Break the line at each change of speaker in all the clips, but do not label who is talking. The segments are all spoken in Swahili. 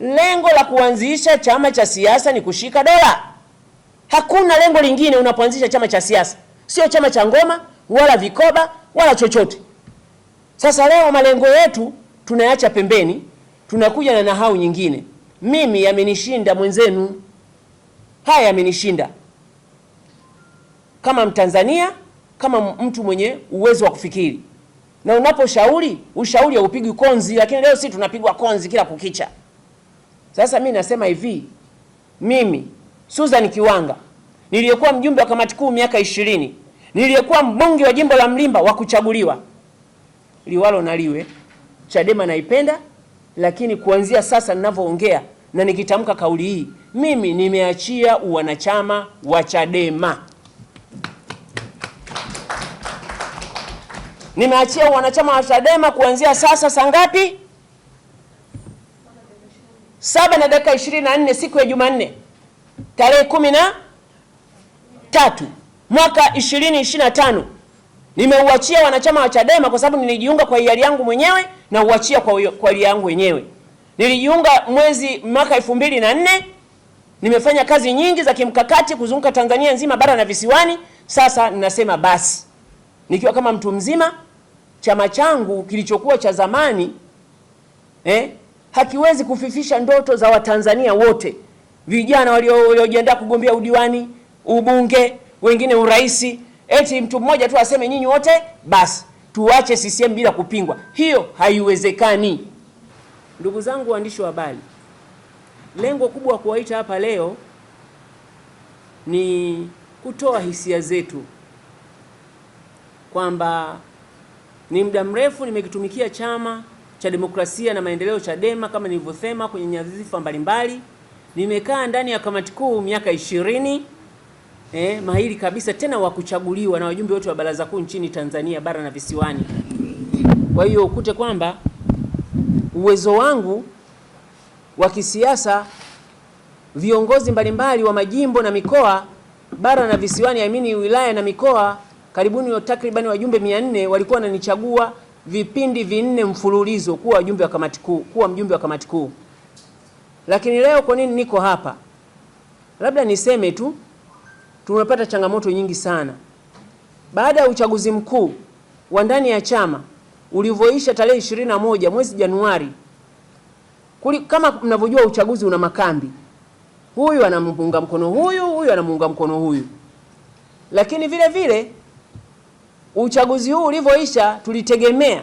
Lengo la kuanzisha chama cha siasa ni kushika dola. Hakuna lengo lingine unapoanzisha chama cha siasa, sio chama cha ngoma wala vikoba wala chochote. Sasa leo malengo yetu tunayacha pembeni, tunakuja na nahau nyingine. Mimi yamenishinda mwenzenu, haya yamenishinda kama Mtanzania, kama mtu mwenye uwezo wa kufikiri. Na unaposhauri ushauri haupigwi konzi, lakini leo si tunapigwa konzi kila kukicha. Sasa mi nasema hivi, mimi Susan Kiwanga niliyekuwa mjumbe wa kamati kuu miaka ishirini, niliyekuwa mbunge wa jimbo la Mlimba wa kuchaguliwa, liwalo na liwe, Chadema naipenda, lakini kuanzia sasa ninavyoongea na nikitamka kauli hii, mimi nimeachia uwanachama wa Chadema, nimeachia uwanachama wa Chadema kuanzia sasa. Saa ngapi? saba na dakika ishirini na nne siku ya Jumanne tarehe kumi na tatu mwaka ishirini ishirini na tano nimeuachia wanachama wa Chadema kwa sababu nilijiunga kwa hiari yangu mwenyewe na uachia kwa hiari yangu mwenyewe. Nilijiunga mwezi mwaka elfu mbili na nne. Nimefanya kazi nyingi za kimkakati kuzunguka Tanzania nzima bara na visiwani. Sasa ninasema basi, nikiwa kama mtu mzima, chama changu kilichokuwa cha zamani eh, hakiwezi kufifisha ndoto za Watanzania wote, vijana waliojiandaa kugombea udiwani, ubunge, wengine uraisi, eti mtu mmoja tu aseme nyinyi wote basi tuache CCM bila kupingwa. Hiyo haiwezekani. Ndugu zangu waandishi wa habari, lengo kubwa kuwaita hapa leo ni kutoa hisia zetu kwamba ni muda mrefu nimekitumikia chama cha Demokrasia na Maendeleo Chadema, kama nilivyosema kwenye nyadhifa mbalimbali, nimekaa ndani ya kamati kuu miaka ishirini. Eh, mahiri kabisa tena wa kuchaguliwa na wajumbe wote wa baraza kuu nchini Tanzania bara na visiwani. Kwa hiyo ukute kwamba uwezo wangu wa kisiasa, viongozi mbalimbali wa majimbo na mikoa bara na visiwani, amini wilaya na mikoa, karibuni takribani wajumbe 400 walikuwa wananichagua vipindi vinne mfululizo kuwa mjumbe wa kamati kuu, kuwa mjumbe wa kamati kuu. Lakini leo kwa nini niko hapa? Labda niseme tu tumepata changamoto nyingi sana baada ya uchaguzi mkuu wa ndani ya chama ulivyoisha tarehe moja mwezi Januari. Kuli, kama mnavyojua uchaguzi una makambi, huyu anamuunga mkono huyu, huyu anamuunga mkono huyu, lakini vile vile uchaguzi huu ulivyoisha, tulitegemea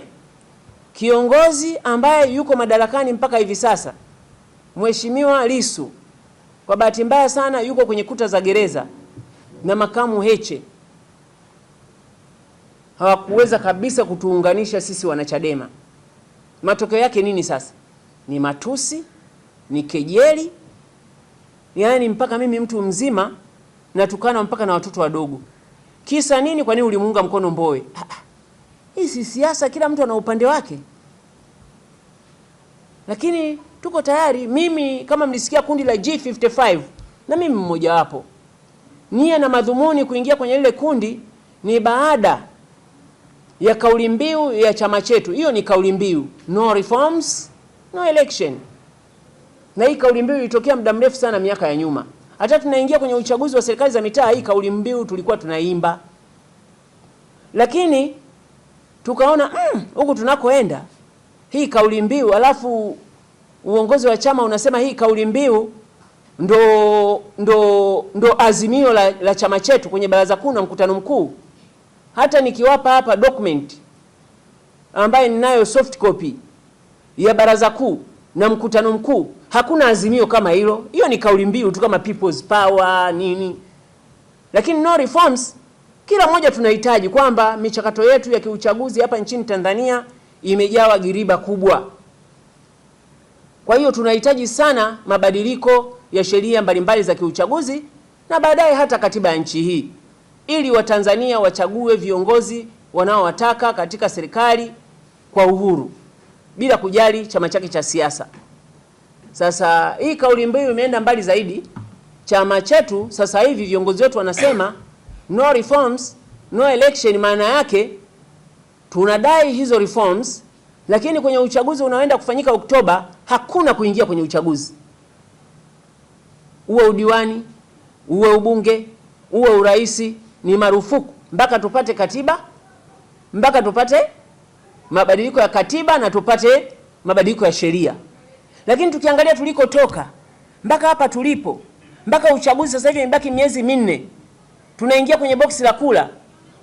kiongozi ambaye yuko madarakani mpaka hivi sasa, Mheshimiwa Lissu, kwa bahati mbaya sana yuko kwenye kuta za gereza na makamu Heche hawakuweza kabisa kutuunganisha sisi wanachadema. Matokeo yake nini sasa? Ni matusi, ni kejeli, yaani mpaka mimi mtu mzima natukana mpaka na watoto wadogo. Kisa nini? Kwa nini ulimuunga mkono Mbowe? Ah, ah. Hii si siasa, kila mtu ana upande wake, lakini tuko tayari. Mimi kama mlisikia kundi la G55, na mimi mmoja wapo. Nia na madhumuni kuingia kwenye lile kundi ni baada ya kauli mbiu ya chama chetu. Hiyo ni kauli mbiu, no reforms no election, na hii kauli mbiu ilitokea muda mrefu sana, miaka ya nyuma. Hata tunaingia kwenye uchaguzi wa serikali za mitaa, hii kauli mbiu tulikuwa tunaimba, lakini tukaona mm, huku mm, tunakoenda hii kauli mbiu, alafu uongozi wa chama unasema hii kauli mbiu ndo, ndo, ndo azimio la, la chama chetu kwenye baraza kuu na mkutano mkuu. Hata nikiwapa hapa document ambaye ninayo soft copy ya baraza kuu na mkutano mkuu, hakuna azimio kama hilo. Hiyo ni kauli mbiu tu kama people's power nini, lakini no reforms. Kila mmoja tunahitaji kwamba michakato yetu ya kiuchaguzi hapa nchini Tanzania imejawa giriba kubwa. Kwa hiyo tunahitaji sana mabadiliko ya sheria mbalimbali za kiuchaguzi na baadaye hata katiba ya nchi hii ili Watanzania wachague viongozi wanaowataka katika serikali kwa uhuru bila kujali chama chake cha siasa. Sasa hii kauli mbiu imeenda mbali zaidi. Chama chetu sasa hivi viongozi wetu wanasema no reforms, no election. Maana yake tunadai hizo reforms, lakini kwenye uchaguzi unaoenda kufanyika Oktoba hakuna kuingia kwenye uchaguzi, uwe udiwani, uwe ubunge, uwe uraisi, ni marufuku mpaka tupate katiba, mpaka tupate mabadiliko ya katiba na tupate mabadiliko ya sheria. Lakini tukiangalia tulikotoka mpaka hapa tulipo, mpaka uchaguzi sasa hivi imebaki miezi minne, tunaingia kwenye boksi la kula.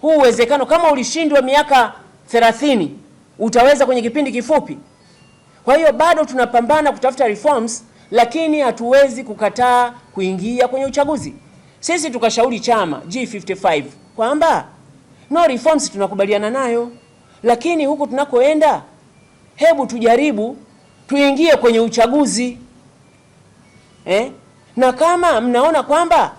Huu uwezekano kama ulishindwa miaka 30 utaweza kwenye kipindi kifupi? Kwa hiyo bado tunapambana kutafuta reforms, lakini hatuwezi kukataa kuingia kwenye uchaguzi. Sisi tukashauri chama G55 kwamba no reforms tunakubaliana nayo lakini huku tunakoenda, hebu tujaribu tuingie kwenye uchaguzi eh? Na kama mnaona kwamba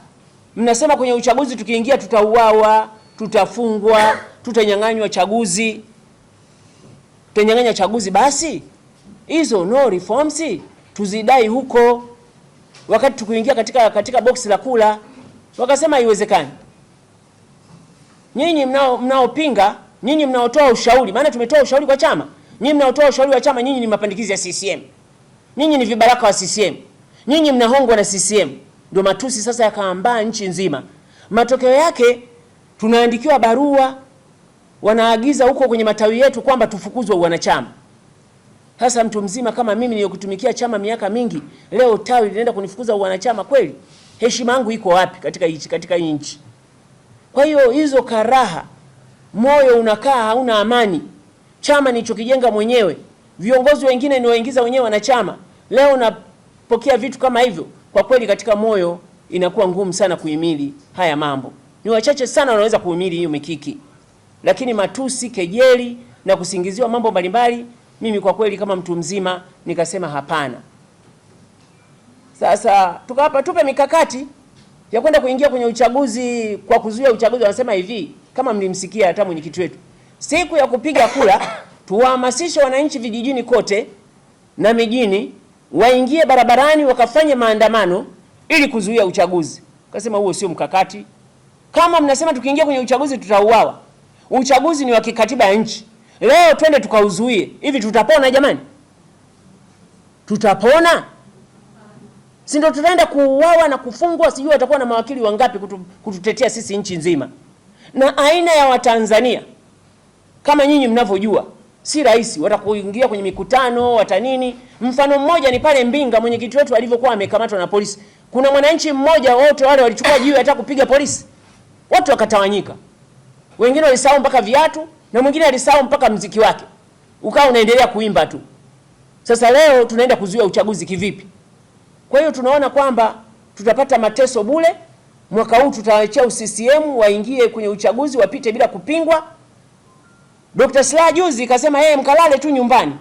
mnasema kwenye uchaguzi tukiingia tutauawa, tutafungwa, tutanyang'anywa chaguzi, tutanyang'anya chaguzi, basi hizo no reforms tuzidai huko. Wakati tukuingia katika, katika boksi la kula wakasema haiwezekani. Nyinyi mnaopinga nyinyi mnaotoa ushauri, maana tumetoa ushauri kwa chama. Nyinyi mnaotoa ushauri wa chama, nyinyi ni mapandikizi ya CCM, nyinyi ni vibaraka wa CCM, nyinyi mnahongwa na CCM. Ndio matusi sasa yakaambaa nchi nzima. Matokeo yake tunaandikiwa barua, wanaagiza huko kwenye matawi yetu kwamba tufukuzwe wanachama. Sasa mtu mzima kama mimi niliyokutumikia chama miaka mingi, leo tawi linaenda kunifukuza wanachama? Kweli heshima yangu iko wapi katika nchi? Katika nchi. Kwa hiyo hizo karaha moyo unakaa hauna amani. Chama nilichokijenga mwenyewe, viongozi wengine niwaingiza wenyewe wanachama, leo napokea vitu kama hivyo, kwa kweli katika moyo inakuwa ngumu sana kuhimili haya mambo. Ni wachache sana wanaweza kuhimili hiyo mikiki, lakini matusi, kejeli na kusingiziwa mambo mbalimbali, mimi kwa kweli kama mtu mzima nikasema hapana. Sasa tukapa tupe mikakati ya kwenda kuingia kwenye uchaguzi kwa kuzuia uchaguzi, wanasema hivi kama mlimsikia hata mwenyekiti wetu, siku ya kupiga kura tuwahamasishe wananchi vijijini kote na mijini waingie barabarani wakafanye maandamano ili kuzuia uchaguzi. Kasema huo sio mkakati. Kama mnasema tukiingia kwenye uchaguzi tutauawa, uchaguzi ni wa kikatiba ya nchi. Leo twende tukauzuie, hivi tutapona jamani? Tutapona? si ndio? Tutaenda kuuawa na kufungwa, sijui watakuwa na mawakili wangapi kutu, kututetea sisi nchi nzima na aina ya Watanzania kama nyinyi mnavyojua si rahisi, watakuingia kwenye mikutano wata nini. Mfano mmoja ni pale Mbinga, mwenyekiti wetu alivyokuwa amekamatwa na polisi. Kuna mwananchi mmoja, wote wale walichukua jiwe hata kupiga polisi, watu wakatawanyika, wengine walisahau mpaka viatu na mwingine alisahau mpaka mziki wake, ukawa unaendelea kuimba tu. Sasa leo tunaenda kuzuia uchaguzi kivipi? Kwa hiyo tunaona kwamba tutapata mateso bure mwaka huu tutawachia CCM waingie kwenye uchaguzi wapite bila kupingwa. Dr. Slaa juzi kasema yeye mkalale tu nyumbani.